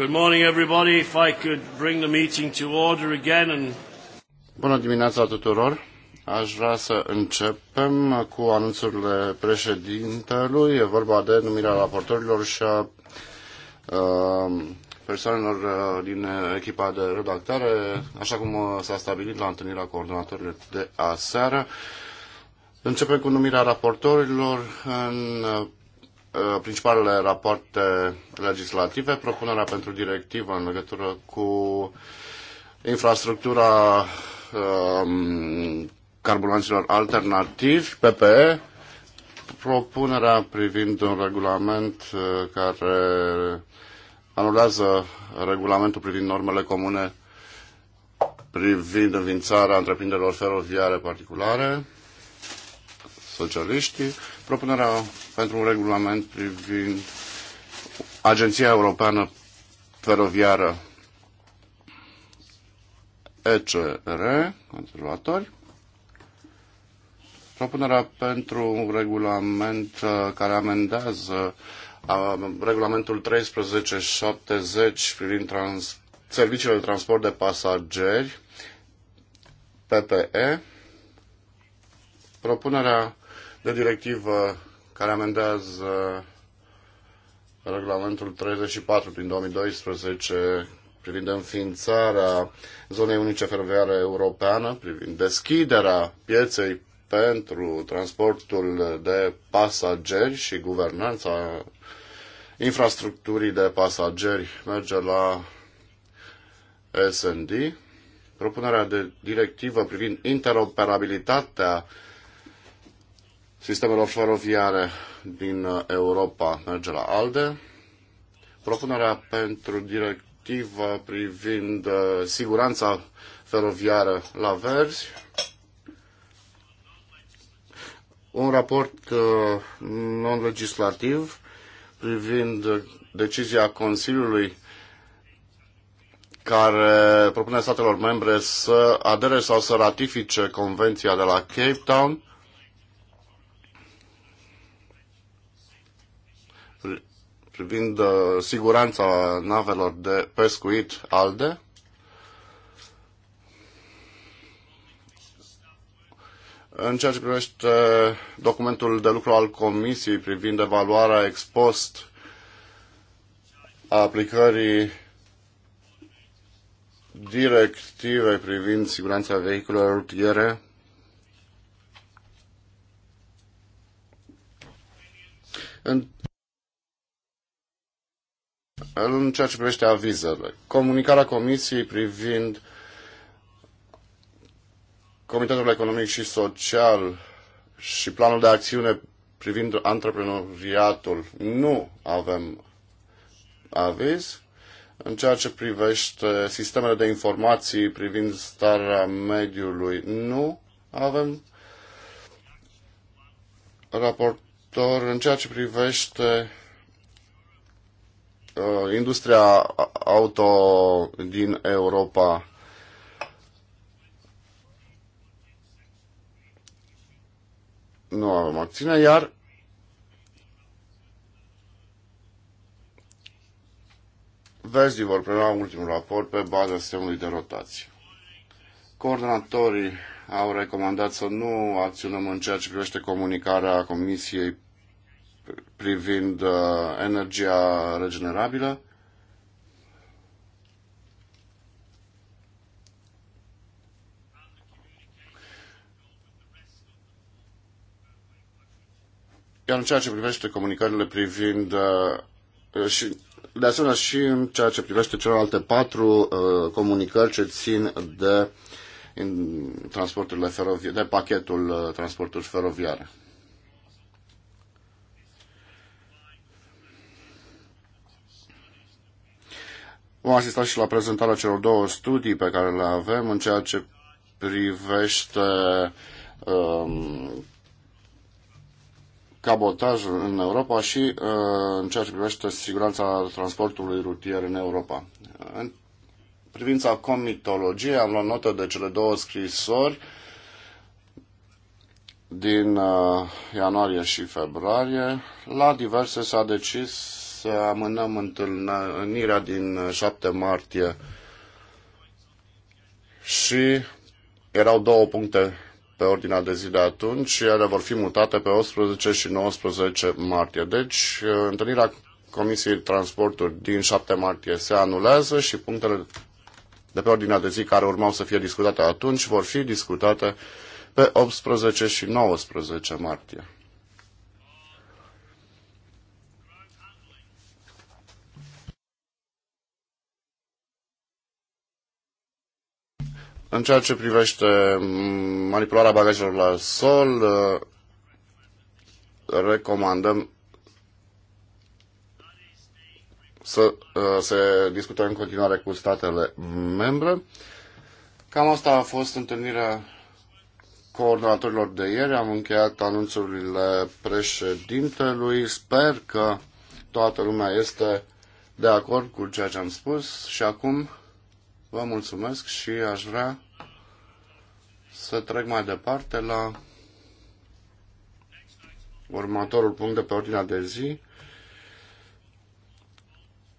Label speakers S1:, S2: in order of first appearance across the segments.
S1: Good morning everybody. If I could bring the meeting to order again and Bună dimineața tuturor. Aș vrea să începem cu anunțurile președintelui. E vorba de numirea raportorilor și a uh, persoanelor uh, din echipa de redactare, așa cum uh, s-a stabilit la întâlnirea coordonatorilor de aseară. Începem cu numirea raportorilor în uh, Uh, principalele rapoarte legislative, propunerea pentru directivă în legătură cu infrastructura um, carburanților alternativi, PPE, propunerea privind un regulament uh, care anulează regulamentul privind normele comune privind înființarea întreprinderilor feroviare particulare, socialiștii, Propunerea pentru un regulament privind Agenția Europeană Feroviară ECR, conservatori. Propunerea pentru un regulament uh, care amendează uh, regulamentul 1370 privind trans, serviciile de transport de pasageri, PPE, propunerea de directivă care amendează regulamentul 34 din 2012 privind înființarea zonei unice feroviare europeană, privind deschiderea pieței pentru transportul de pasageri și guvernanța infrastructurii de pasageri merge la S&D. Propunerea de directivă privind interoperabilitatea sistemelor feroviare din uh, Europa merge la ALDE. Propunerea pentru directivă privind uh, siguranța feroviară la verzi. Un raport uh, non-legislativ privind decizia Consiliului care propune statelor membre să adere sau să ratifice Convenția de la Cape Town privind uh, siguranța navelor de pescuit ALDE. În ceea ce privește documentul de lucru al Comisiei privind evaluarea ex post a aplicării directive privind siguranța vehiculelor rutiere, în în ceea ce privește avizele. Comunicarea Comisiei privind Comitetul Economic și Social și planul de acțiune privind antreprenoriatul nu avem aviz. În ceea ce privește sistemele de informații privind starea mediului, nu avem raportor. În ceea ce privește Uh, industria auto din Europa nu avem acțiune, iar Vezi, vor prelua ultimul raport pe baza sistemului de rotație. Coordonatorii au recomandat să nu acționăm în ceea ce privește comunicarea Comisiei privind uh, energia regenerabilă. Iar în ceea ce privește comunicările privind uh, și de asemenea și în ceea ce privește celelalte patru uh, comunicări ce țin de transporturile feroviare, de pachetul transporturilor feroviare. Vom asista și la prezentarea celor două studii pe care le avem în ceea ce privește um, cabotajul în Europa și uh, în ceea ce privește siguranța transportului rutier în Europa. În privința comitologiei am luat notă de cele două scrisori din uh, ianuarie și februarie. La diverse s-a decis să amânăm întâlnirea din 7 uh, martie și erau două puncte pe ordinea de zi de atunci și ele vor fi mutate pe 18 și 19 martie. Deci, uh, întâlnirea Comisiei Transporturi din 7 martie se anulează și punctele de pe ordinea de zi care urmau să fie discutate atunci vor fi discutate pe 18 și 19 martie. În ceea ce privește manipularea bagajelor la sol, uh, recomandăm să uh, se discute în continuare cu statele membre. Cam asta a fost întâlnirea coordonatorilor de ieri. Am încheiat anunțurile președintelui. Sper că toată lumea este de acord cu ceea ce am spus și acum Vă mulțumesc și aș vrea să trec mai departe la următorul punct de pe ordinea de zi.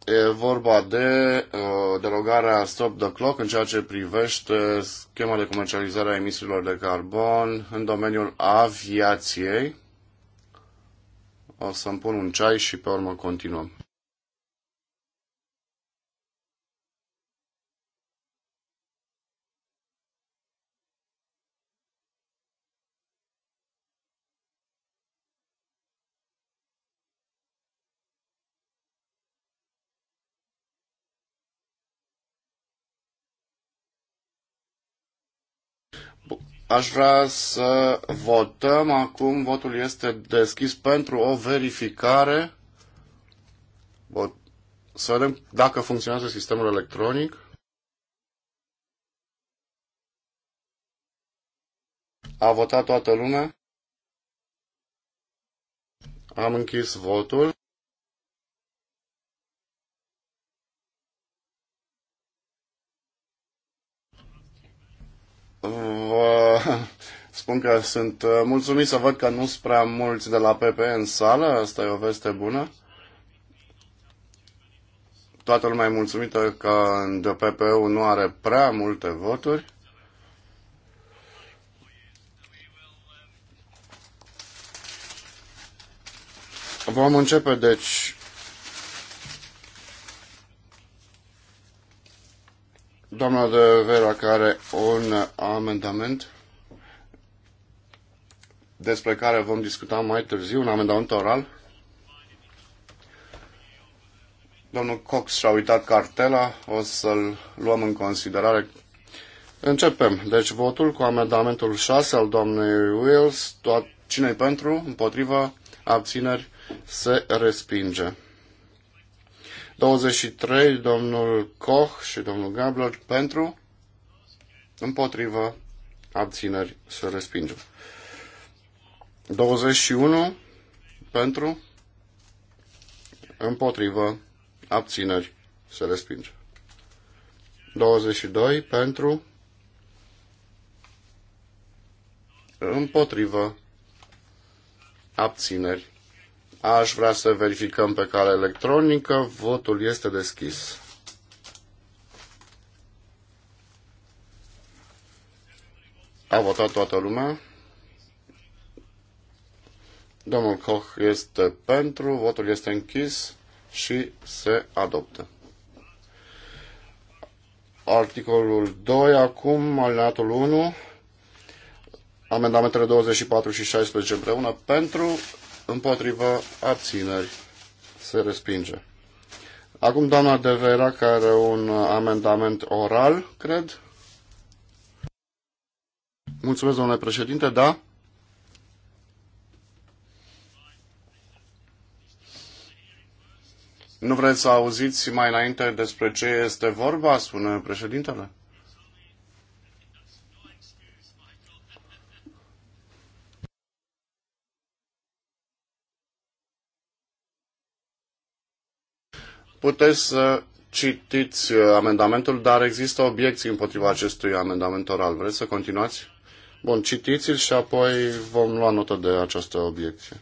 S1: E vorba de uh, derogarea Stop the Clock în ceea ce privește schema de comercializare a emisiilor de carbon în domeniul aviației. O să-mi pun un ceai și pe urmă continuăm. Aș vrea să votăm acum. Votul este deschis pentru o verificare. Să vedem dacă funcționează sistemul electronic. A votat toată lumea. Am închis votul. spun că sunt uh, mulțumit să văd că nu sunt prea mulți de la PP în sală. Asta e o veste bună. Toată lumea e mulțumită că de PP nu are prea multe voturi. Vom începe, deci, doamna de Vera care un amendament despre care vom discuta mai târziu, un amendament oral. Domnul Cox și-a uitat cartela, o să-l luăm în considerare. Începem. Deci votul cu amendamentul 6 al doamnei Wills. Cine-i pentru? Împotriva? Abțineri? Se respinge. 23, domnul Koch și domnul Gabler pentru, împotrivă, abțineri, se respinge. 21 pentru, împotrivă, abțineri, se respinge. 22 pentru, împotrivă, abțineri. Aș vrea să verificăm pe cale electronică. Votul este deschis. A votat toată lumea. Domnul Koch este pentru, votul este închis și se adoptă. Articolul 2, acum, alineatul 1, amendamentele 24 și 16 împreună, pentru, împotrivă, abțineri, se respinge. Acum doamna De Vera, care are un amendament oral, cred. Mulțumesc, domnule președinte, da? Nu vreți să auziți mai înainte despre ce este vorba, spune președintele? Puteți să citiți uh, amendamentul, dar există obiecții împotriva acestui amendament oral. Vreți să continuați? Bun, citiți-l și apoi vom lua notă de această obiecție.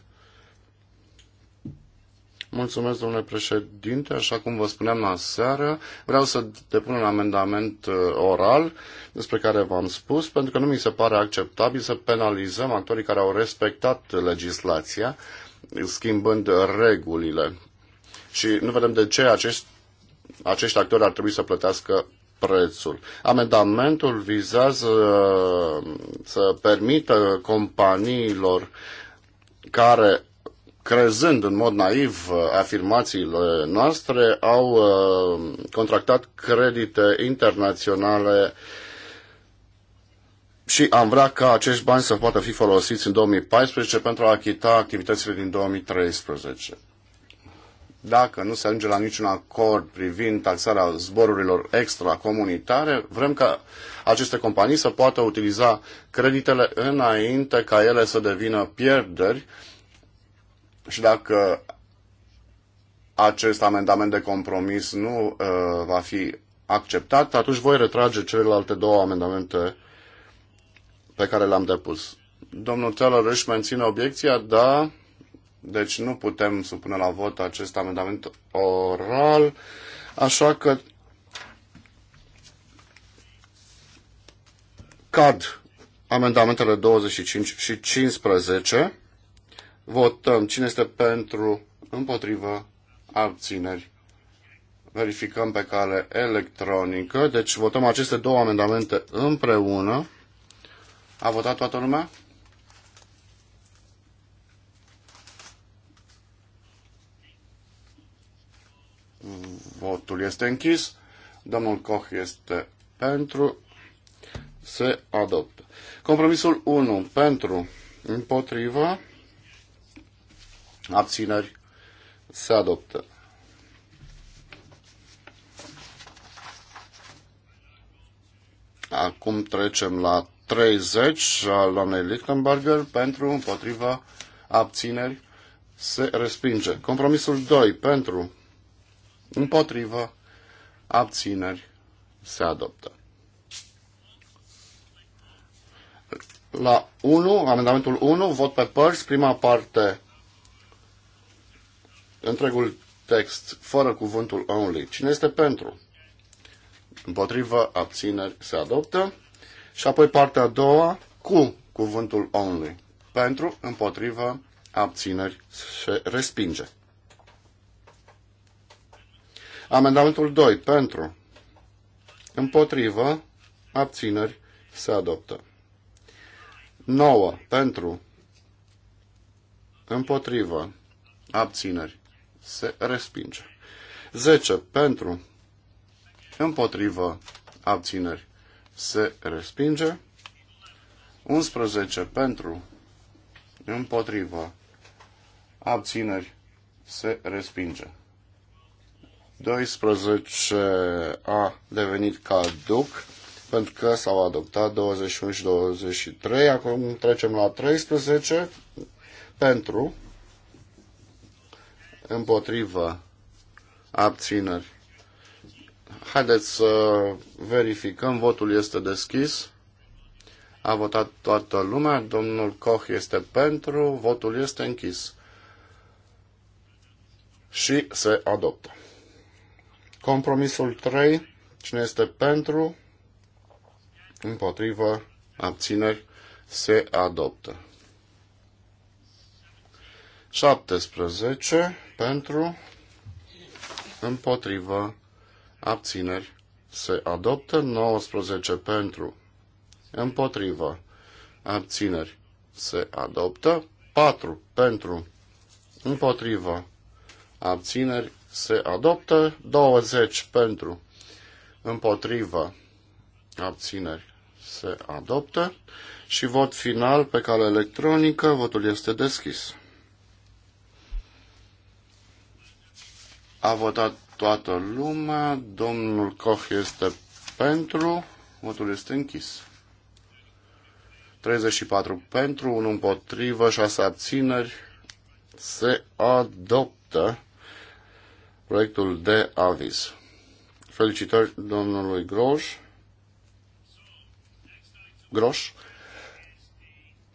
S1: Mulțumesc, domnule președinte. Așa cum vă spuneam la seară, vreau să depun un amendament uh, oral despre care v-am spus, pentru că nu mi se pare acceptabil să penalizăm actorii care au respectat legislația, schimbând regulile. Și nu vedem de ce acești, acești actori ar trebui să plătească prețul. Amendamentul vizează uh, să permită companiilor care crezând în mod naiv uh, afirmațiile noastre, au uh, contractat credite internaționale și am vrea ca acești bani să poată fi folosiți în 2014 pentru a achita activitățile din 2013. Dacă nu se ajunge la niciun acord privind taxarea zborurilor extracomunitare, vrem ca aceste companii să poată utiliza creditele înainte ca ele să devină pierderi și dacă acest amendament de compromis nu uh, va fi acceptat, atunci voi retrage celelalte două amendamente pe care le-am depus. Domnul Teller își menține obiecția, da, deci nu putem supune la vot acest amendament oral, așa că cad amendamentele 25 și 15 Votăm cine este pentru, împotrivă, abțineri. Verificăm pe cale electronică. Deci votăm aceste două amendamente împreună. A votat toată lumea? Votul este închis. Domnul Koch este pentru. Se adoptă. Compromisul 1 pentru împotriva abțineri, se adoptă. Acum trecem la 30 al doamnei Lichtenberger pentru împotriva abțineri se respinge. Compromisul 2 pentru împotriva abțineri se adoptă. La 1, amendamentul 1, vot pe părți, prima parte întregul text fără cuvântul only. Cine este pentru? Împotrivă, abțineri, se adoptă. Și apoi partea a doua cu cuvântul only. Pentru, împotrivă, abțineri, se respinge. Amendamentul 2. Pentru, împotrivă, abțineri, se adoptă. 9. Pentru, împotrivă, abțineri, se respinge. 10 pentru, împotrivă, abțineri, se respinge. 11 pentru, împotrivă, abțineri, se respinge. 12 a devenit caduc pentru că s-au adoptat 21 și 23. Acum trecem la 13 pentru împotrivă, abțineri. Haideți să verificăm, votul este deschis. A votat toată lumea, domnul Koch este pentru, votul este închis. Și se adoptă. Compromisul 3, cine este pentru, împotrivă, abțineri, se adoptă. 17 pentru, împotrivă, abțineri, se adoptă. 19 pentru, împotrivă, abțineri, se adoptă. 4 pentru, împotrivă, abțineri, se adoptă. 20 pentru, împotrivă, abțineri, se adoptă. Și vot final pe cale electronică, votul este deschis. A votat toată lumea. Domnul Koch este pentru. Votul este închis. 34 pentru, 1 împotrivă, 6 abțineri. Se adoptă proiectul de aviz. Felicitări domnului Groș. Groș.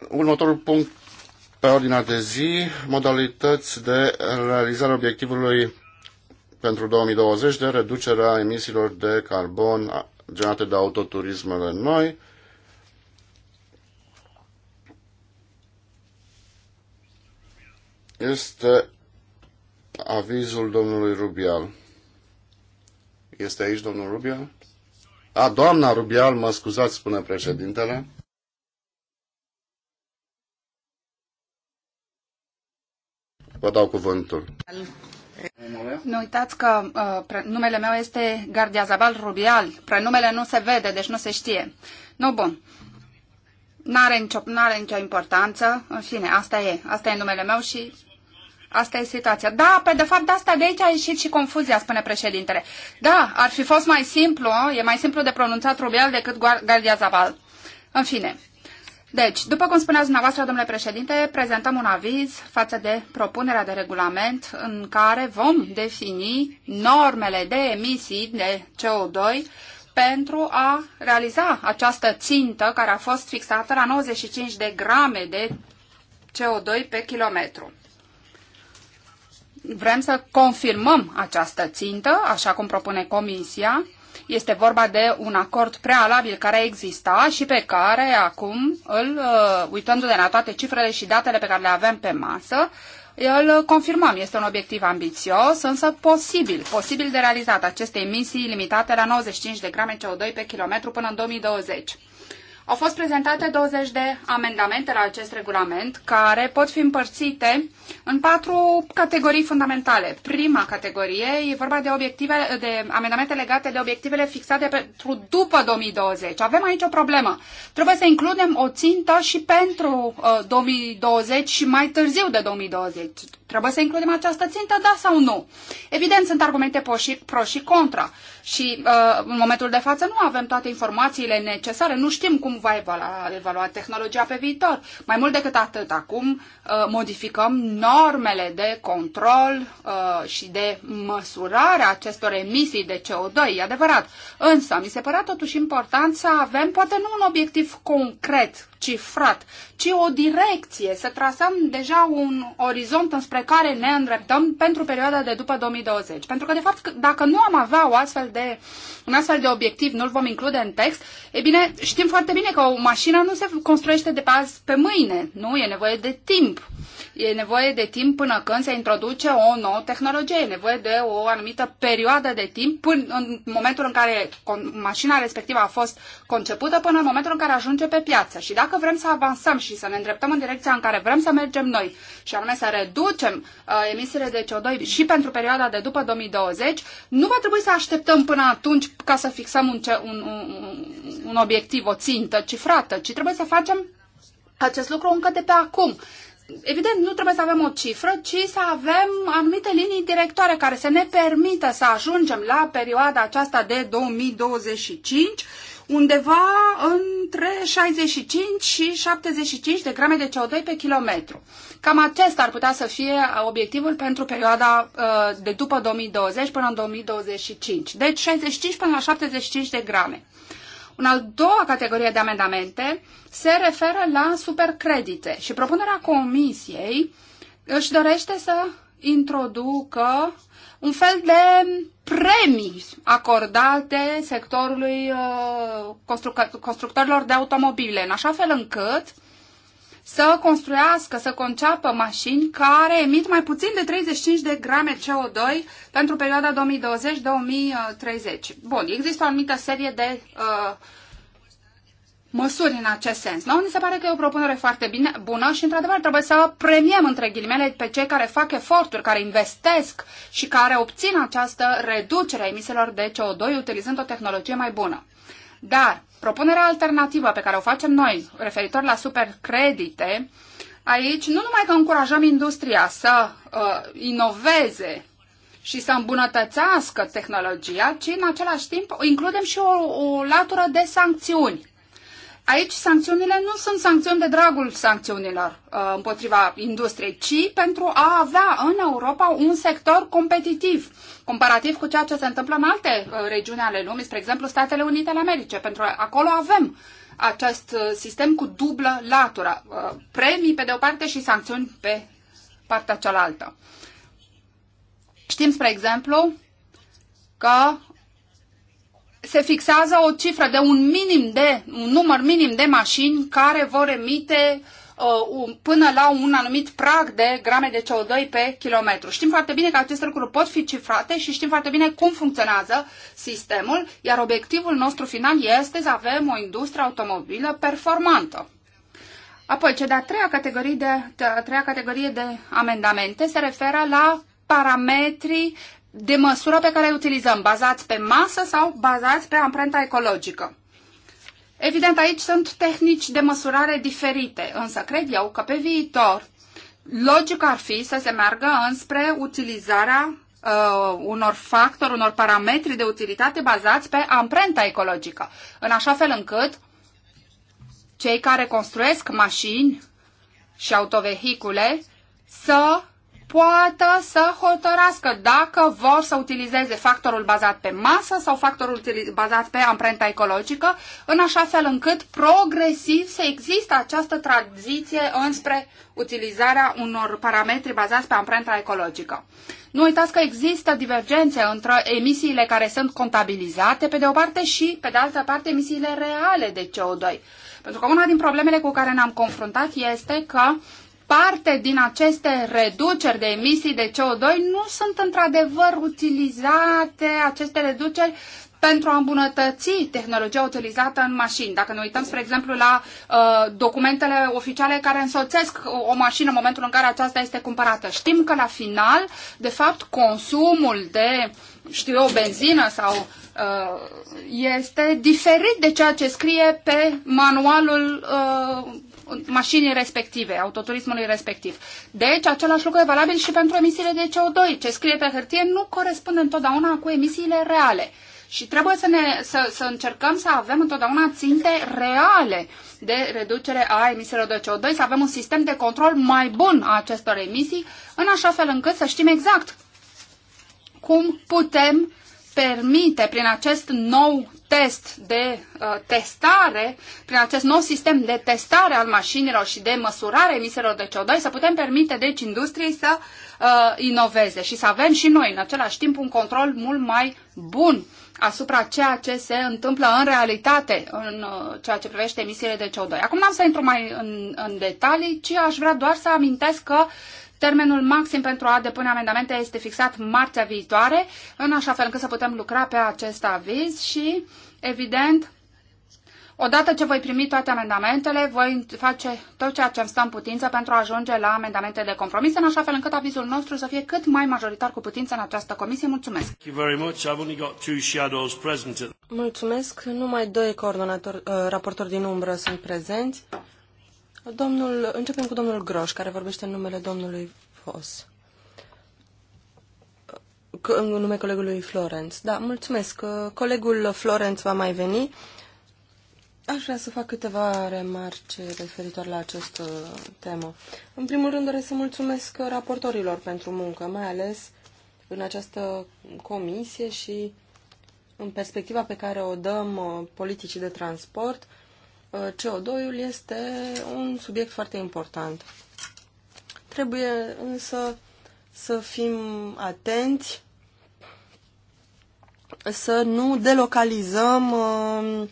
S1: Următorul punct pe ordinea de zi, modalități de realizare obiectivului pentru 2020 de reducerea emisiilor de carbon generate de autoturismele noi. Este avizul domnului Rubial. Este aici domnul Rubial? A, doamna Rubial, mă scuzați, spune președintele. Vă dau cuvântul.
S2: Nu uitați că uh, numele meu este Gardia Zabal Rubial. Prenumele nu se vede, deci nu se știe. Nu, bun. N-are nicio, n-are nicio importanță. În fine, asta e. Asta e numele meu și Asta e situația. Da, pe de fapt de asta de aici a ieșit și confuzia, spune președintele. Da, ar fi fost mai simplu, e mai simplu de pronunțat rubial decât Gardia Zabal. În fine, deci, după cum spuneați dumneavoastră, domnule președinte, prezentăm un aviz față de propunerea de regulament în care vom defini normele de emisii de CO2 pentru a realiza această țintă care a fost fixată la 95 de grame de CO2 pe kilometru. Vrem să confirmăm această țintă, așa cum propune Comisia, este vorba de un acord prealabil care exista și pe care acum, îl, uh, uitându-ne la toate cifrele și datele pe care le avem pe masă, îl confirmăm, este un obiectiv ambițios, însă posibil, posibil de realizat aceste emisii limitate la 95 de grame CO2 pe kilometru până în 2020. Au fost prezentate 20 de amendamente la acest regulament, care pot fi împărțite în patru categorii fundamentale. Prima categorie e vorba de, obiective, de amendamente legate de obiectivele fixate pentru după 2020. Avem aici o problemă. Trebuie să includem o țintă și pentru uh, 2020 și mai târziu de 2020. Trebuie să includem această țintă, da sau nu? Evident, sunt argumente pro și, pro și contra. Și uh, în momentul de față nu avem toate informațiile necesare, nu știm cum va evalua, evalua tehnologia pe viitor. Mai mult decât atât, acum uh, modificăm normele de control uh, și de măsurare a acestor emisii de CO2, e adevărat. Însă, mi se părea totuși important să avem poate nu un obiectiv concret cifrat, ci o direcție, să trasăm deja un orizont înspre care ne îndreptăm pentru perioada de după 2020. Pentru că, de fapt, dacă nu am avea o astfel de, un astfel de obiectiv, nu-l vom include în text, e bine, știm foarte bine că o mașină nu se construiește de pe azi pe mâine, nu? E nevoie de timp. E nevoie de timp până când se introduce o nouă tehnologie, e nevoie de o anumită perioadă de timp până în momentul în care mașina respectivă a fost concepută până în momentul în care ajunge pe piață. Și dacă dacă vrem să avansăm și să ne îndreptăm în direcția în care vrem să mergem noi, și anume să reducem uh, emisiile de CO2 și pentru perioada de după 2020, nu va trebui să așteptăm până atunci ca să fixăm un, ce, un, un, un obiectiv, o țintă cifrată, ci trebuie să facem acest lucru încă de pe acum. Evident, nu trebuie să avem o cifră, ci să avem anumite linii directoare care să ne permită să ajungem la perioada aceasta de 2025 undeva între 65 și 75 de grame de CO2 pe kilometru. Cam acesta ar putea să fie obiectivul pentru perioada uh, de după 2020 până în 2025. Deci 65 până la 75 de grame. Una al doua categorie de amendamente se referă la supercredite și propunerea comisiei își dorește să introducă un fel de premii acordate sectorului uh, constructorilor de automobile, în așa fel încât să construiască, să conceapă mașini care emit mai puțin de 35 de grame CO2 pentru perioada 2020-2030. Bun, există o anumită serie de uh, măsuri în acest sens. Noi ni se pare că e o propunere foarte bine, bună și, într-adevăr, trebuie să premiem, între ghilimele, pe cei care fac eforturi, care investesc și care obțin această reducere a emisiilor de CO2 utilizând o tehnologie mai bună. Dar propunerea alternativă pe care o facem noi, referitor la supercredite, aici nu numai că încurajăm industria să uh, inoveze și să îmbunătățească tehnologia, ci în același timp includem și o, o latură de sancțiuni Aici sancțiunile nu sunt sancțiuni de dragul sancțiunilor uh, împotriva industriei, ci pentru a avea în Europa un sector competitiv, comparativ cu ceea ce se întâmplă în alte uh, regiuni ale lumii, spre exemplu Statele Unite ale Americii, pentru că acolo avem acest uh, sistem cu dublă latură, premii pe de o parte și sancțiuni pe partea cealaltă. Știm, spre exemplu, că se fixează o cifră de un minim de, un număr minim de mașini care vor emite uh, până la un anumit prag de grame de CO2 pe kilometru. Știm foarte bine că aceste lucruri pot fi cifrate și știm foarte bine cum funcționează sistemul, iar obiectivul nostru final este să avem o industrie automobilă performantă. Apoi, cea de-a treia categorie de, de, treia categorie de amendamente se referă la parametrii de măsură pe care o utilizăm, bazați pe masă sau bazați pe amprenta ecologică. Evident, aici sunt tehnici de măsurare diferite, însă cred eu că pe viitor logic ar fi să se meargă înspre utilizarea uh, unor factori, unor parametri de utilitate bazați pe amprenta ecologică, în așa fel încât cei care construiesc mașini și autovehicule să poată să hotărască dacă vor să utilizeze factorul bazat pe masă sau factorul bazat pe amprenta ecologică, în așa fel încât progresiv să există această tranziție înspre utilizarea unor parametri bazați pe amprenta ecologică. Nu uitați că există divergențe între emisiile care sunt contabilizate pe de o parte și pe de altă parte emisiile reale de CO2. Pentru că una din problemele cu care ne-am confruntat este că parte din aceste reduceri de emisii de CO2 nu sunt într-adevăr utilizate, aceste reduceri, pentru a îmbunătăți tehnologia utilizată în mașini. Dacă ne uităm, spre exemplu, la uh, documentele oficiale care însoțesc o, o mașină în momentul în care aceasta este cumpărată, știm că la final, de fapt, consumul de, știu eu, benzină sau uh, este diferit de ceea ce scrie pe manualul uh, mașinii respective, autoturismului respectiv. Deci, același lucru e valabil și pentru emisiile de CO2. Ce scrie pe hârtie nu corespunde întotdeauna cu emisiile reale. Și trebuie să, ne, să, să încercăm să avem întotdeauna ținte reale de reducere a emisiilor de CO2, să avem un sistem de control mai bun a acestor emisii, în așa fel încât să știm exact cum putem permite prin acest nou test de uh, testare, prin acest nou sistem de testare al mașinilor și de măsurare emiselor de CO2, să putem permite, deci, industriei să uh, inoveze și să avem și noi, în același timp, un control mult mai bun asupra ceea ce se întâmplă în realitate în uh, ceea ce privește emisiile de CO2. Acum n-am să intru mai în, în detalii, ci aș vrea doar să amintesc că Termenul maxim pentru a depune amendamente este fixat marțea viitoare, în așa fel încât să putem lucra pe acest aviz și, evident, Odată ce voi primi toate amendamentele, voi face tot ceea ce îmi stă în putință pentru a ajunge la amendamente de compromis, în așa fel încât avizul nostru să fie cât mai majoritar cu putință în această comisie. Mulțumesc!
S3: Mulțumesc! Numai doi coordonatori, uh, raportori din umbră sunt prezenți. Domnul, începem cu domnul Groș, care vorbește în numele domnului Vos. În nume colegului Florenț. Da, mulțumesc. Uh, colegul Florenț va mai veni. Aș vrea să fac câteva remarci referitor la această temă. În primul rând, doresc să mulțumesc raportorilor pentru muncă, mai ales în această comisie și în perspectiva pe care o dăm uh, politicii de transport, uh, CO2-ul este un subiect foarte important. Trebuie însă să fim atenți să nu delocalizăm uh,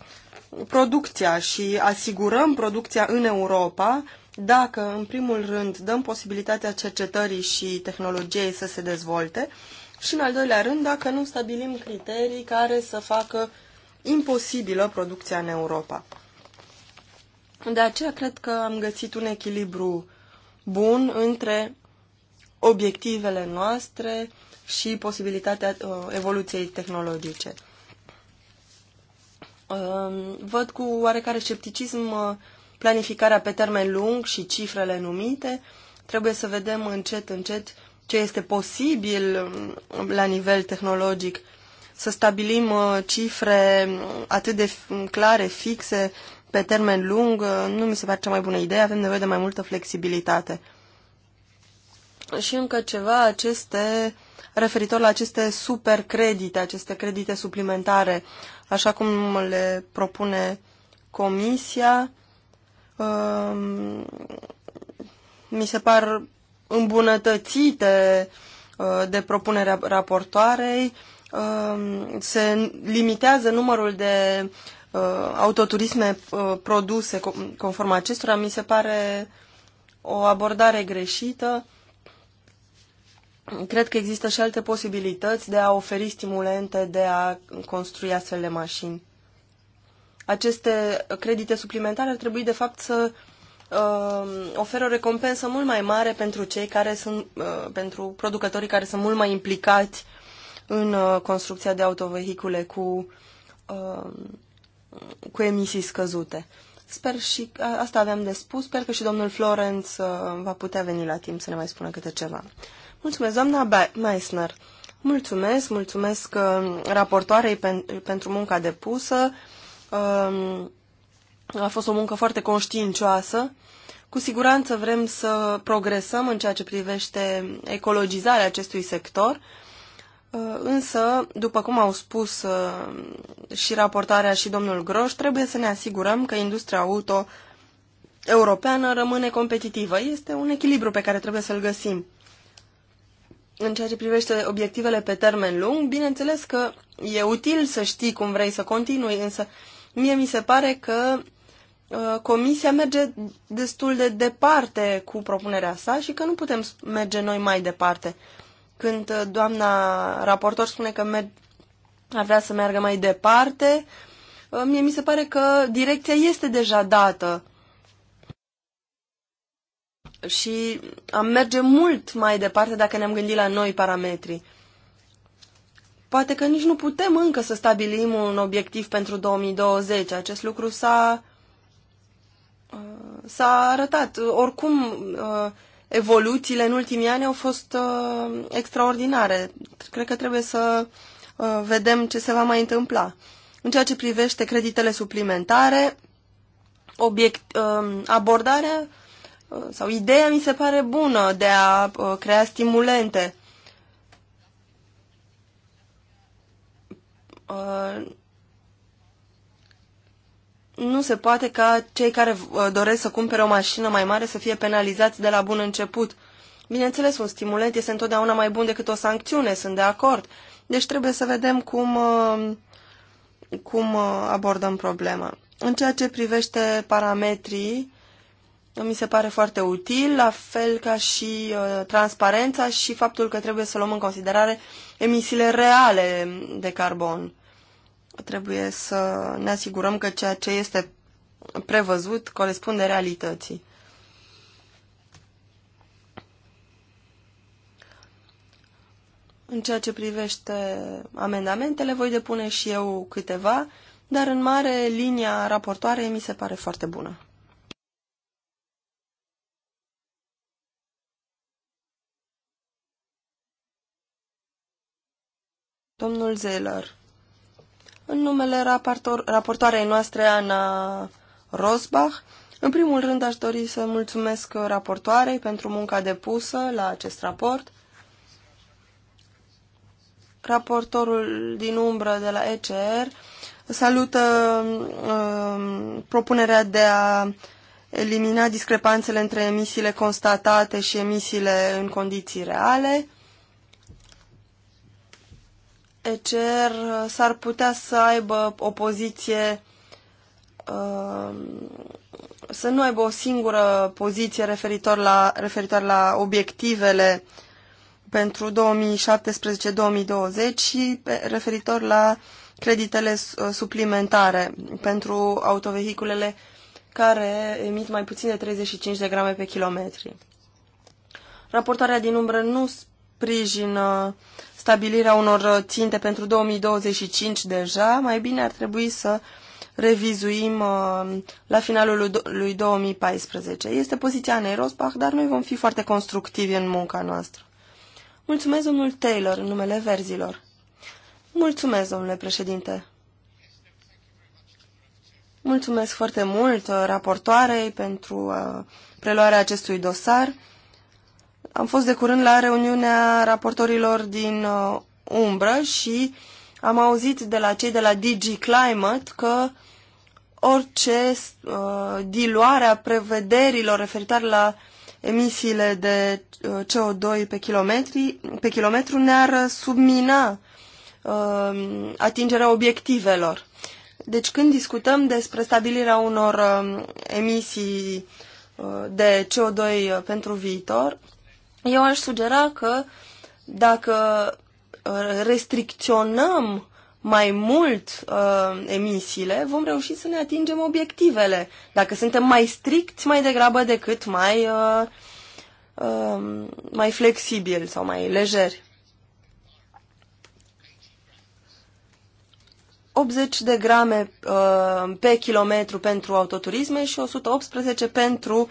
S3: producția și asigurăm producția în Europa dacă, în primul rând, dăm posibilitatea cercetării și tehnologiei să se dezvolte și, în al doilea rând, dacă nu stabilim criterii care să facă imposibilă producția în Europa. De aceea cred că am găsit un echilibru bun între obiectivele noastre și posibilitatea uh, evoluției tehnologice. Ehm, văd cu oarecare scepticism uh, planificarea pe termen lung și cifrele numite. Trebuie să vedem încet, încet ce este posibil um, la nivel tehnologic. Să stabilim uh, cifre um, atât de um, clare, fixe, pe termen lung, uh, nu mi se pare cea mai bună idee. Avem nevoie de mai multă flexibilitate. Și încă ceva, aceste referitor la aceste supercredite, aceste credite suplimentare așa cum le propune Comisia, um, mi se par îmbunătățite uh, de propunerea raportoarei, um, se limitează numărul de uh, autoturisme uh, produse conform acestora, mi se pare o abordare greșită cred că există și alte posibilități de a oferi stimulente de a construi astfel de mașini. Aceste credite suplimentare ar trebui, de fapt, să uh, oferă o recompensă mult mai mare pentru cei care sunt, uh, pentru producătorii care sunt mult mai implicați în uh, construcția de autovehicule cu, uh, cu emisii scăzute. Sper și, asta aveam de spus, sper că și domnul Florenț uh, va putea veni la timp să ne mai spună câte ceva. Mulțumesc, doamna Meissner. Mulțumesc, mulțumesc uh, raportoarei pen, pentru munca depusă. Um, a fost o muncă foarte conștiincioasă. Cu siguranță vrem să progresăm în ceea ce privește ecologizarea acestui sector, uh, însă, după cum au spus uh, și raportarea și domnul Groș, trebuie să ne asigurăm că industria auto europeană rămâne competitivă. Este un echilibru pe care trebuie să-l găsim. În ceea ce privește obiectivele pe termen lung, bineînțeles că e util să știi cum vrei să continui, însă mie mi se pare că uh, Comisia merge destul de departe cu propunerea sa și că nu putem merge noi mai departe. Când uh, doamna raportor spune că ar vrea să meargă mai departe, uh, mie mi se pare că direcția este deja dată și am merge mult mai departe dacă ne-am gândit la noi parametri. Poate că nici nu putem încă să stabilim un obiectiv pentru 2020. Acest lucru s-a, uh, s-a arătat. Oricum, uh, evoluțiile în ultimii ani au fost uh, extraordinare. Cred că trebuie să vedem ce se va mai întâmpla. În ceea ce privește creditele suplimentare, obiect, abordarea Uh, sau ideea mi se pare bună de a uh, crea stimulente. Uh, nu se poate ca cei care doresc să cumpere o mașină mai mare să fie penalizați de la bun început. Bineînțeles, un stimulent este întotdeauna mai bun decât o sancțiune, sunt de acord. Deci trebuie să vedem cum, cum abordăm problema. În ceea ce privește parametrii, mi se pare foarte util, la fel ca și uh, transparența și faptul că trebuie să luăm în considerare emisiile reale de carbon. Trebuie să ne asigurăm că ceea ce este prevăzut corespunde realității. În ceea ce privește amendamentele, voi depune și eu câteva, dar în mare linia raportoare mi se pare foarte bună. Domnul Zeller, în numele raportor, raportoarei noastre, Ana Rosbach, în primul rând aș dori să mulțumesc raportoarei pentru munca depusă la acest raport. Raportorul din umbră de la ECR salută uh, propunerea de a elimina discrepanțele între emisiile constatate și emisiile în condiții reale. ECR uh, s-ar putea să aibă o poziție uh, să nu aibă o singură poziție referitor la, referitor la obiectivele pentru 2017-2020 și referitor la creditele uh, suplimentare pentru autovehiculele care emit mai puțin de 35 de grame pe kilometri. Raportarea din umbră nu sprijină stabilirea unor uh, ținte pentru 2025 deja, mai bine ar trebui să revizuim uh, la finalul lui 2014. Este poziția Anei Rosbach, dar noi vom fi foarte constructivi în munca noastră. Mulțumesc, domnul Taylor, în numele verzilor. Mulțumesc, domnule președinte. Mulțumesc foarte mult uh, raportoarei pentru preluarea acestui dosar. Am fost de curând la reuniunea raportorilor din uh, umbră și am auzit de la cei de la DG Climate că orice uh, diluare a prevederilor referitoare la emisiile de uh, CO2 pe, kilometri, pe kilometru ne-ar submina uh, atingerea obiectivelor. Deci când discutăm despre stabilirea unor uh, emisii uh, de CO2 pentru viitor, eu aș sugera că dacă uh, restricționăm mai mult uh, emisiile, vom reuși să ne atingem obiectivele. Dacă suntem mai stricți mai degrabă decât mai, uh, uh, mai flexibili sau mai lejeri. 80 de grame uh, pe kilometru pentru autoturisme și 118 pentru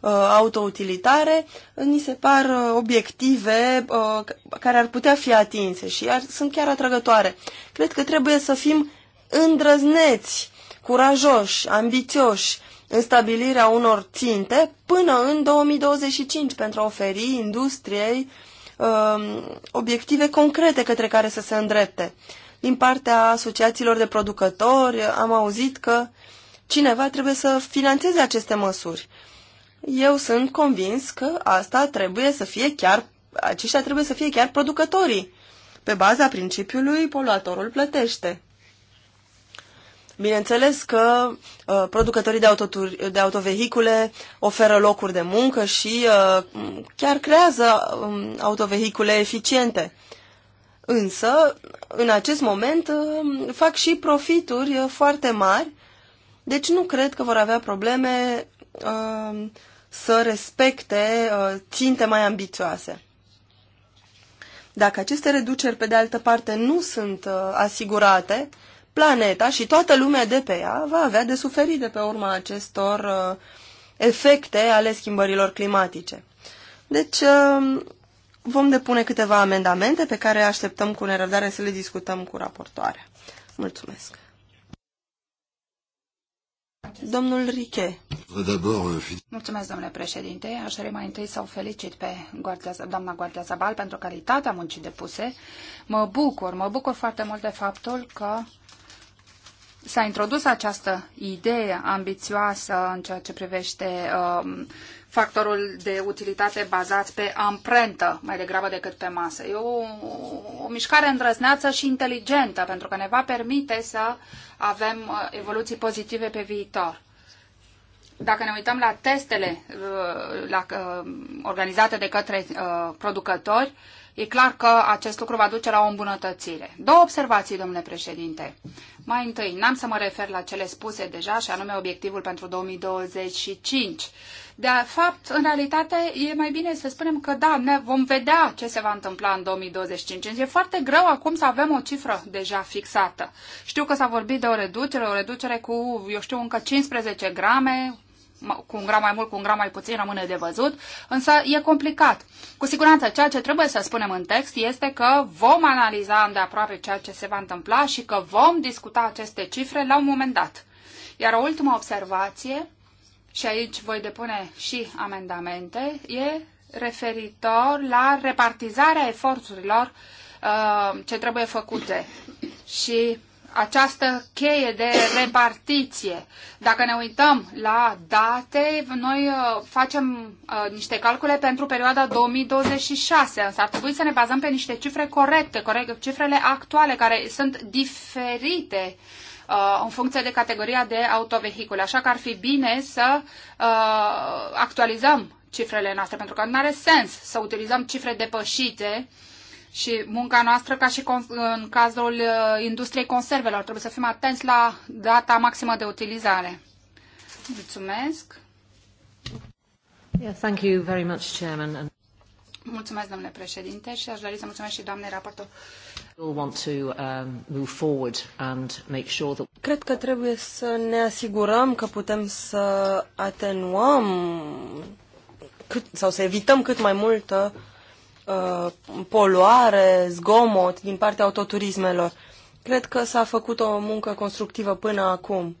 S3: uh, autoutilitare, ni se par uh, obiective uh, care ar putea fi atinse și ar, sunt chiar atrăgătoare. Cred că trebuie să fim îndrăzneți, curajoși, ambițioși în stabilirea unor ținte până în 2025 pentru a oferi industriei uh, obiective concrete către care să se îndrepte. Uh, din partea asociațiilor de producători am auzit că cineva trebuie să financeze aceste măsuri. Eu sunt convins că asta trebuie să fie chiar, aceștia trebuie să fie chiar producătorii, pe baza principiului poluatorul plătește. Bineînțeles că uh, producătorii de, de autovehicule oferă locuri de muncă și uh, chiar creează um, autovehicule eficiente. Însă, în acest moment, uh, fac și profituri uh, foarte mari, deci nu cred că vor avea probleme uh, să respecte ținte mai ambițioase. Dacă aceste reduceri, pe de altă parte, nu sunt asigurate, planeta și toată lumea de pe ea va avea de suferit de pe urma acestor efecte ale schimbărilor climatice. Deci, Vom depune câteva amendamente pe care așteptăm cu nerăbdare să le discutăm cu raportoarea. Mulțumesc. Domnul Riche.
S2: Mulțumesc, domnule președinte. Aș vrea mai întâi să o felicit pe Guardia, doamna Guardia Zabal pentru calitatea muncii depuse. Mă bucur, mă bucur foarte mult de faptul că s-a introdus această idee ambițioasă în ceea ce privește um, factorul de utilitate bazat pe amprentă mai degrabă decât pe masă. E o, o mișcare îndrăzneață și inteligentă pentru că ne va permite să avem uh, evoluții pozitive pe viitor. Dacă ne uităm la testele uh, la, uh, organizate de către producători, e clar că acest lucru va duce la o îmbunătățire. Două observații, domnule președinte. Mai întâi, n-am să mă refer la cele spuse deja, și anume obiectivul pentru 2025. De fapt, în realitate, e mai bine să spunem că da, ne vom vedea ce se va întâmpla în 2025. E foarte greu acum să avem o cifră deja fixată. Știu că s-a vorbit de o reducere, o reducere cu, eu știu, încă 15 grame, cu un gram mai mult, cu un gram mai puțin, rămâne de văzut, însă e complicat. Cu siguranță, ceea ce trebuie să spunem în text este că vom analiza îndeaproape ceea ce se va întâmpla și că vom discuta aceste cifre la un moment dat. Iar o ultimă observație, și aici voi depune și amendamente, e referitor la repartizarea eforturilor uh, ce trebuie făcute. Și această cheie de repartiție. Dacă ne uităm la date, noi uh, facem uh, niște calcule pentru perioada 2026, însă ar trebui să ne bazăm pe niște cifre corecte, corect, cifrele actuale, care sunt diferite uh, în funcție de categoria de autovehicule. Așa că ar fi bine să actualizăm cifrele noastre, pentru că nu are sens să utilizăm cifre depășite uh, și munca noastră ca și în cazul uh, industriei conservelor. Trebuie să fim atenți la data maximă de utilizare. Mulțumesc.
S1: Yeah, thank you very much, Chairman.
S2: Mulțumesc, domnule președinte, și aș dori să mulțumesc și doamnei raportor.
S1: Um, Cred că
S3: trebuie să ne asigurăm că putem să atenuăm cât, sau să evităm cât mai multă Uh, poluare, zgomot din partea autoturismelor. Cred că s-a făcut o muncă constructivă până acum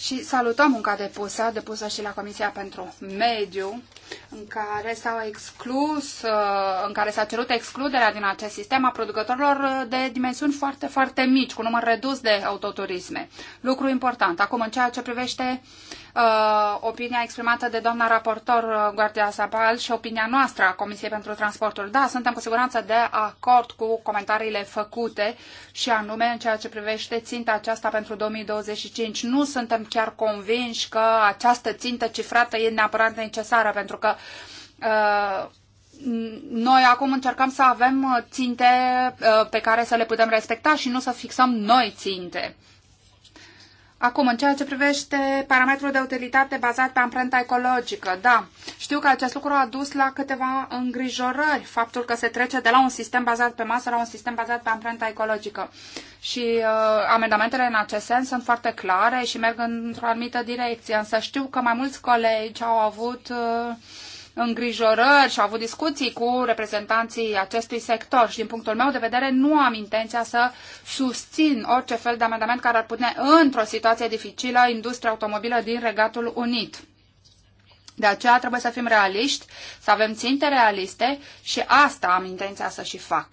S3: și salutăm munca depusă,
S2: depusă și la Comisia pentru Mediu, în care s-au exclus, uh, în care s-a cerut excluderea din acest sistem a producătorilor de dimensiuni foarte, foarte mici, cu număr redus de autoturisme. Lucru important. Acum, în ceea ce privește uh, opinia exprimată de doamna raportor uh, Guardia Sabal și opinia noastră a Comisiei pentru Transportul, da, suntem cu siguranță de acord cu comentariile făcute și anume în ceea ce privește ținta aceasta pentru 2025. Nu suntem chiar convinși că această țintă cifrată e neapărat necesară, pentru că uh, noi acum încercăm să avem uh, ținte uh, pe care să le putem respecta și nu să fixăm noi ținte. Acum, în ceea ce privește parametrul de utilitate bazat pe amprenta ecologică, da, știu că acest lucru a dus la câteva îngrijorări, faptul că se trece de la un sistem bazat pe masă la un sistem bazat pe amprenta ecologică. Și uh, amendamentele în acest sens sunt foarte clare și merg într-o anumită direcție, însă știu că mai mulți colegi au avut uh, îngrijorări și au avut discuții cu reprezentanții acestui sector și din punctul meu de vedere nu am intenția să susțin orice fel de amendament care ar pune într-o situație dificilă industria automobilă din Regatul Unit. De aceea trebuie să fim realiști, să avem ținte realiste
S3: și asta am intenția să și fac.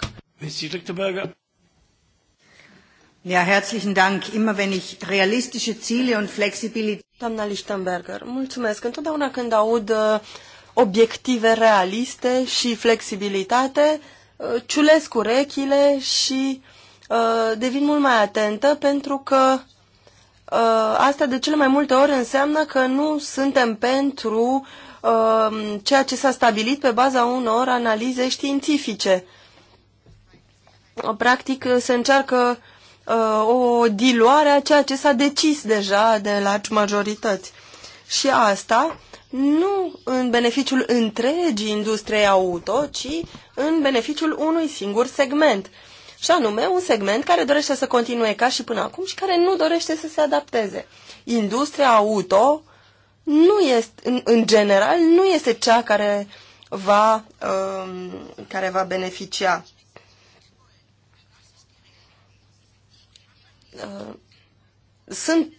S3: Ja, herzlichen Dank. Immer wenn ich realistische Ziele und Flexibilität. Doamna Lichtenberger, mulțumesc. Întotdeauna când aud uh, obiective realiste și flexibilitate, uh, ciulesc urechile și uh, devin mult mai atentă pentru că uh, asta de cele mai multe ori înseamnă că nu suntem pentru ceea ce s-a stabilit pe baza unor analize științifice. Practic se încearcă o diluare a ceea ce s-a decis deja de largi majorități. Și asta nu în beneficiul întregii industriei auto, ci în beneficiul unui singur segment. Și anume, un segment care dorește să continue ca și până acum și care nu dorește să se adapteze. Industria auto, nu este, în, în general, nu este cea care va, um, care va beneficia. Uh, sunt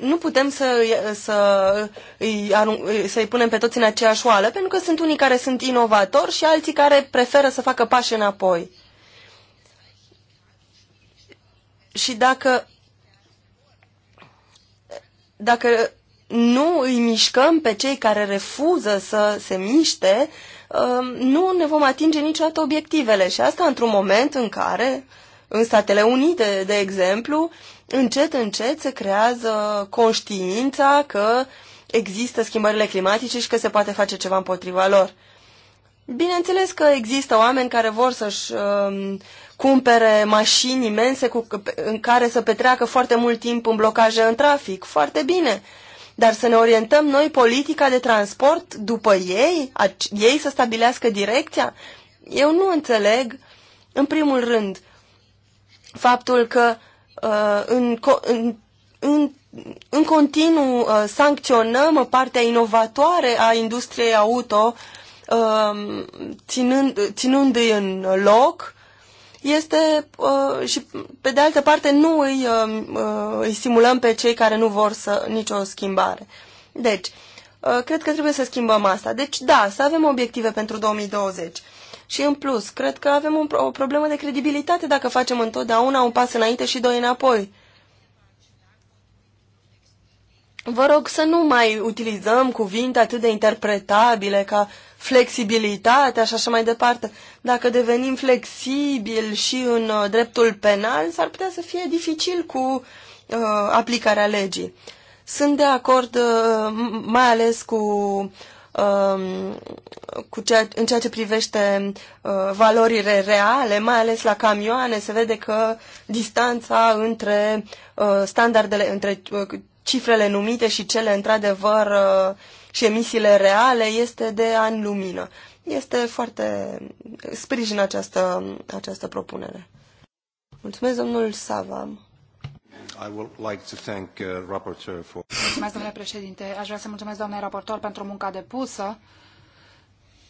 S3: nu putem să, să, îi, să-i punem pe toți în aceeași oală, pentru că sunt unii care sunt inovatori și alții care preferă să facă pași înapoi. Și dacă, dacă nu îi mișcăm pe cei care refuză să se miște, um, nu ne vom atinge niciodată obiectivele. Și asta într-un moment în care, în Statele Unite, de exemplu, încet, încet se creează conștiința că există schimbările climatice și că se poate face ceva împotriva lor. Bineînțeles că există oameni care vor să-și um, cumpere mașini imense cu, în care să petreacă foarte mult timp în blocaje în trafic. Foarte bine. Dar să ne orientăm noi politica de transport după ei, a, ei să stabilească direcția? Eu nu înțeleg, în primul rând, faptul că uh, Uh, în, în, în, în continuu uh, sancționăm partea inovatoare a industriei auto, um, ținând, ținându-i în loc, este uh, și pe de altă parte nu îi, um, îi simulăm pe cei care nu vor să nicio schimbare. Deci, cred că trebuie să schimbăm asta. Deci, da, să avem obiective pentru 2020. Și în plus, cred că avem un, o problemă de credibilitate dacă facem întotdeauna un pas înainte și doi înapoi. Vă rog să nu mai utilizăm cuvinte atât de interpretabile ca așa și așa mai departe. Dacă devenim flexibili și în uh, dreptul penal, s-ar putea să fie dificil cu uh, aplicarea legii. Sunt de acord uh, mai ales cu Um, cu ceea, în ceea ce privește uh, valorile reale, mai ales la camioane, se vede că distanța între uh, standardele, între uh, cifrele numite și cele într-adevăr și emisiile reale este de an lumină. Este foarte sprijin această, această propunere. Mulțumesc, domnul Savam.
S1: I would like to thank, uh,
S3: Mulțumesc,
S2: domnule președinte. Aș vrea să mulțumesc, doamnei raportor, pentru munca depusă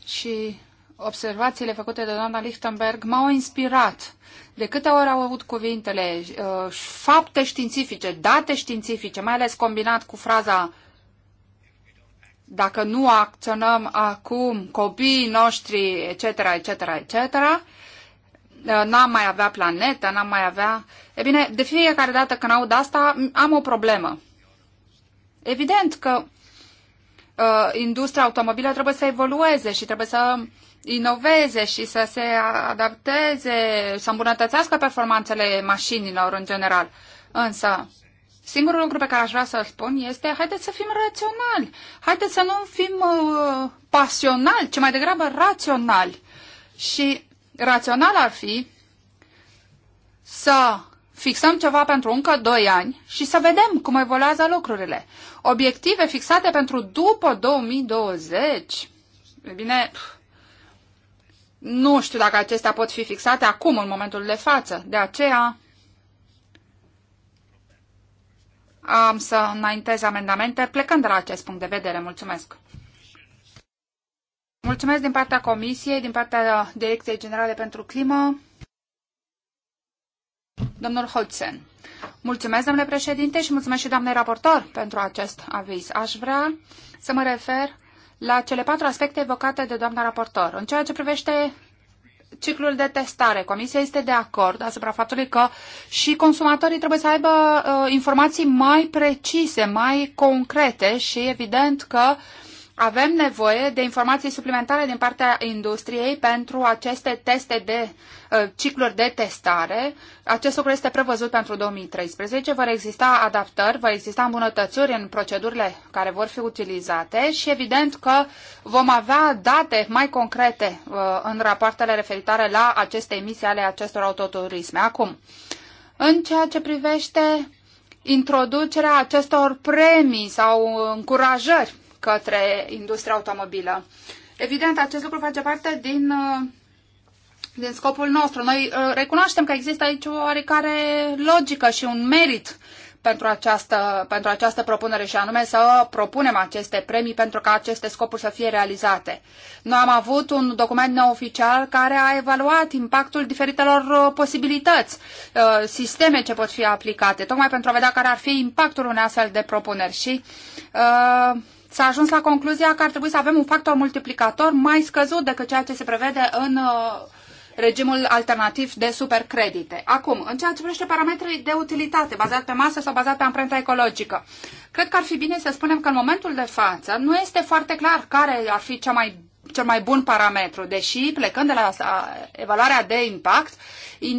S2: și observațiile făcute de doamna Lichtenberg m-au inspirat. De câte ori au avut cuvintele, uh, fapte științifice, date științifice, mai ales combinat cu fraza dacă nu acționăm acum, copiii noștri, etc., etc., etc., n-am mai avea planetă, n-am mai avea... E bine, de fiecare dată când aud asta, am o problemă. Evident că uh, industria automobilă trebuie să evolueze și trebuie să inoveze și să se adapteze, să îmbunătățească performanțele mașinilor în general. Însă, singurul lucru pe care aș vrea să-l spun este, haideți să fim raționali, haideți să nu fim uh, pasionali, ci mai degrabă raționali. Și rațional ar fi să fixăm ceva pentru încă 2 ani și să vedem cum evoluează lucrurile. Obiective fixate pentru după 2020. E bine, nu știu dacă acestea pot fi fixate acum, în momentul de față. De aceea am să înaintez amendamente plecând de la acest punct de vedere. Mulțumesc! Mulțumesc din partea Comisiei, din partea Direcției Generale pentru Climă. Domnul Hodgson. Mulțumesc, domnule președinte, și mulțumesc și doamnei raportor pentru acest aviz. Aș vrea să mă refer la cele patru aspecte evocate de doamna raportor. În ceea ce privește ciclul de testare. Comisia este de acord asupra faptului că și consumatorii trebuie să aibă uh, informații mai precise, mai concrete și evident că uh, avem nevoie de informații suplimentare din partea industriei pentru aceste teste de uh, cicluri de testare. Acest lucru este prevăzut pentru 2013. Vor exista adaptări, vor exista îmbunătățiri în procedurile care vor fi utilizate și evident că vom avea date mai concrete uh, în rapoartele referitoare la aceste emisii ale acestor autoturisme. Acum, în ceea ce privește introducerea acestor premii sau încurajări către industria automobilă. Evident, acest lucru face parte din, uh, din scopul nostru. Noi uh, recunoaștem că există aici o oarecare logică și un merit pentru această, pentru această propunere și anume să propunem aceste premii pentru ca aceste scopuri să fie realizate. Noi am avut un document neoficial care a evaluat impactul diferitelor uh, posibilități, sisteme ce pot fi aplicate, tocmai pentru a vedea care ar fi impactul unei astfel de propuneri și uh, s-a ajuns la concluzia că ar trebui să avem un factor multiplicator mai scăzut decât ceea ce se prevede în uh, regimul alternativ de supercredite. Acum, în ceea ce privește parametrii de utilitate, bazat pe masă sau bazat pe amprenta ecologică, cred că ar fi bine să spunem că în momentul de față nu este foarte clar care ar fi cea mai cel mai bun parametru, deși plecând de la evaluarea de impact,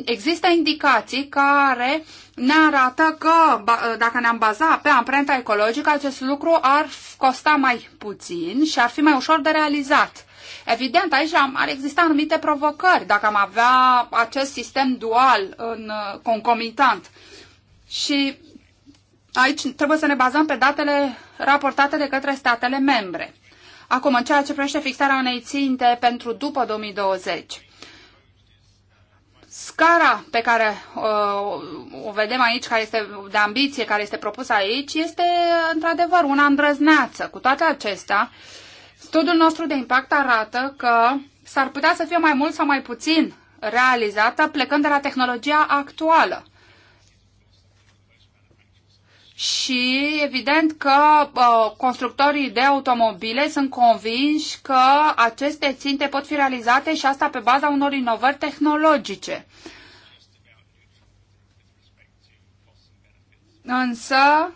S2: există indicații care ne arată că dacă ne-am baza pe amprenta ecologică, acest lucru ar costa mai puțin și ar fi mai ușor de realizat. Evident, aici ar exista anumite provocări dacă am avea acest sistem dual în uh, concomitant. Și aici trebuie să ne bazăm pe datele raportate de către statele membre. Acum, în ceea ce privește fixarea unei ținte pentru după 2020, scara pe care uh, o vedem aici, care este de ambiție, care este propusă aici, este într-adevăr una îndrăzneață. Cu toate acestea, studiul nostru de impact arată că s-ar putea să fie mai mult sau mai puțin realizată plecând de la tehnologia actuală și evident că uh, constructorii de automobile sunt convinși că aceste ținte pot fi realizate și asta pe baza unor inovări tehnologice. Însă,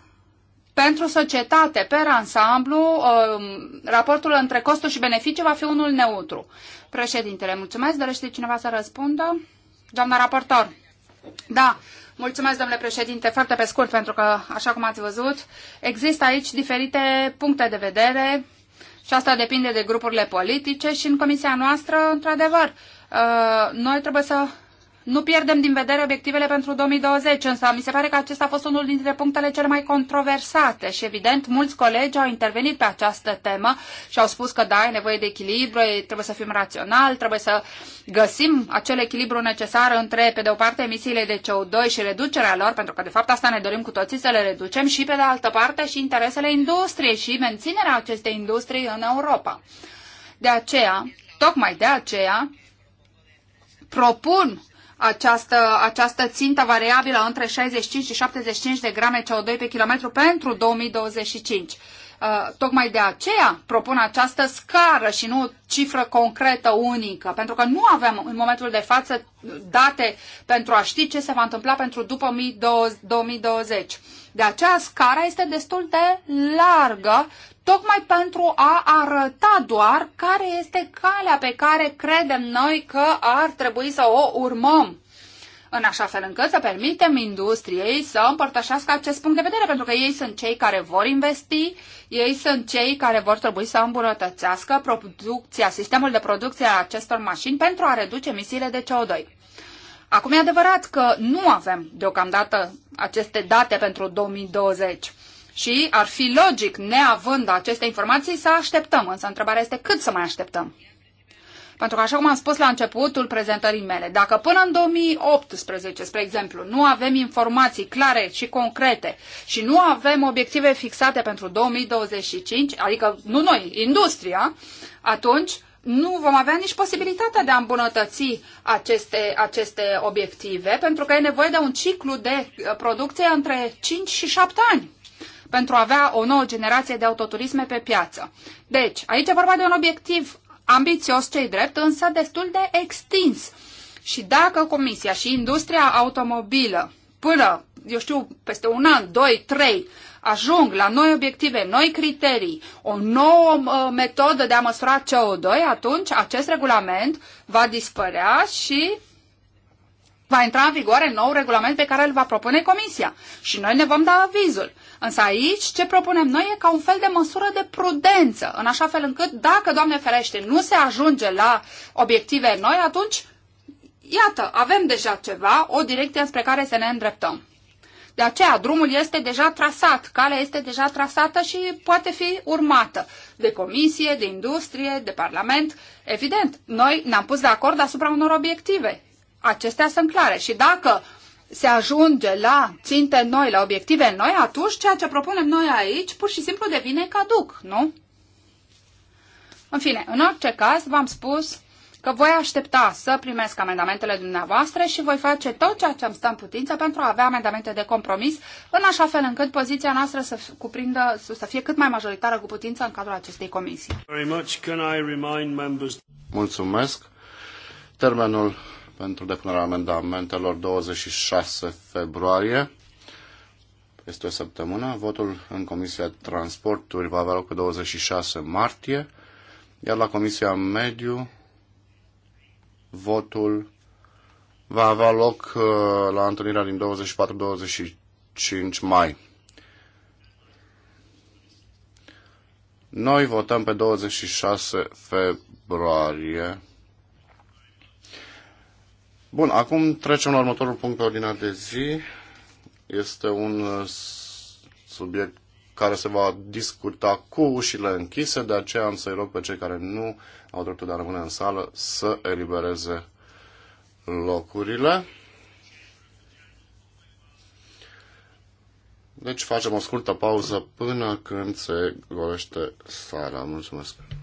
S2: pentru societate, per ansamblu, um, raportul între costul și beneficii va fi unul neutru. Președintele, mulțumesc. Dorește cineva să răspundă? Doamna raportor. Da, Mulțumesc, domnule președinte, foarte pe scurt, pentru că, așa cum ați văzut, există aici diferite puncte de vedere și asta depinde de grupurile politice și în comisia noastră, într-adevăr, uh, noi trebuie să nu pierdem din vedere obiectivele pentru 2020, însă mi se pare că acesta a fost unul dintre punctele cele mai controversate și, evident, mulți colegi au intervenit pe această temă și au spus că, da, e nevoie de echilibru, trebuie să fim raționali, trebuie să găsim acel echilibru necesar între, pe de o parte, emisiile de CO2 și reducerea lor, pentru că, de fapt, asta ne dorim cu toții să le reducem și, pe de altă parte, și interesele industriei și menținerea acestei industrii în Europa. De aceea, tocmai de aceea, propun această, această țintă variabilă între 65 și 75 de grame CO2 pe kilometru pentru 2025. Uh, tocmai de aceea propun această scară și nu cifră concretă unică, pentru că nu avem în momentul de față date pentru a ști ce se va întâmpla pentru după 2020. De aceea scara este destul de largă, tocmai pentru a arăta doar care este calea pe care credem noi că ar trebui să o urmăm în așa fel încât să permitem industriei să împărtășească acest punct de vedere, pentru că ei sunt cei care vor investi, ei sunt cei care vor trebui să îmbunătățească producția, sistemul de producție a acestor mașini pentru a reduce emisiile de CO2. Acum e adevărat că nu avem deocamdată aceste date pentru 2020. Și ar fi logic, neavând aceste informații, să așteptăm. Însă întrebarea este cât să mai așteptăm? Pentru că, așa cum am spus la începutul prezentării mele, dacă până în 2018, spre exemplu, nu avem informații clare și concrete și nu avem obiective fixate pentru 2025, adică nu noi, industria, atunci nu vom avea nici posibilitatea de a îmbunătăți aceste, aceste obiective, pentru că e nevoie de un ciclu de uh, producție între 5 și 7 ani pentru a avea o nouă generație de autoturisme pe piață. Deci, aici e vorba de un obiectiv ambițios, cei drept, însă destul de extins. Și dacă Comisia și industria automobilă până, eu știu, peste un an, doi, trei, ajung la noi obiective, noi criterii, o nouă uh, metodă de a măsura CO2, atunci acest regulament va dispărea și va intra în vigoare nou regulament pe care îl va propune Comisia și noi ne vom da avizul. Însă aici ce propunem noi e ca un fel de măsură de prudență, în așa fel încât dacă, Doamne ferește, nu se ajunge la obiective noi, atunci, iată, avem deja ceva, o direcție spre care să ne îndreptăm. De aceea, drumul este deja trasat, calea este deja trasată și poate fi urmată de comisie, de industrie, de parlament. Evident, noi ne-am pus de acord asupra unor obiective. Acestea sunt clare și dacă se ajunge la ținte noi, la obiective noi, atunci ceea ce propunem noi aici pur și simplu devine caduc, nu? În fine, în orice caz, v-am spus că voi aștepta să primesc amendamentele dumneavoastră și voi face tot ceea ce îmi stă în putință pentru a avea amendamente de compromis, în așa fel încât poziția noastră să, cuprindă, să fie cât mai majoritară cu putință în cadrul acestei comisii.
S1: Mulțumesc. Termenul pentru depunerea amendamentelor 26 februarie. Este o săptămână. Votul în Comisia Transporturi va avea loc pe 26 martie, iar la Comisia Mediu Votul va avea loc uh, la întâlnirea din 24-25 mai. Noi votăm pe 26 februarie. Bun, acum trecem la următorul punct pe ordinea de zi. Este un uh, subiect care se va discuta cu ușile închise, de aceea am să-i rog pe cei care nu au dreptul de a rămâne în sală să elibereze locurile. Deci facem o scurtă pauză până când se golește sala. Mulțumesc!